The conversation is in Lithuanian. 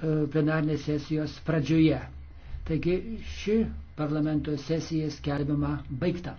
E, plenarnės sesijos pradžioje. Taigi ši parlamento sesija skelbiama baigta.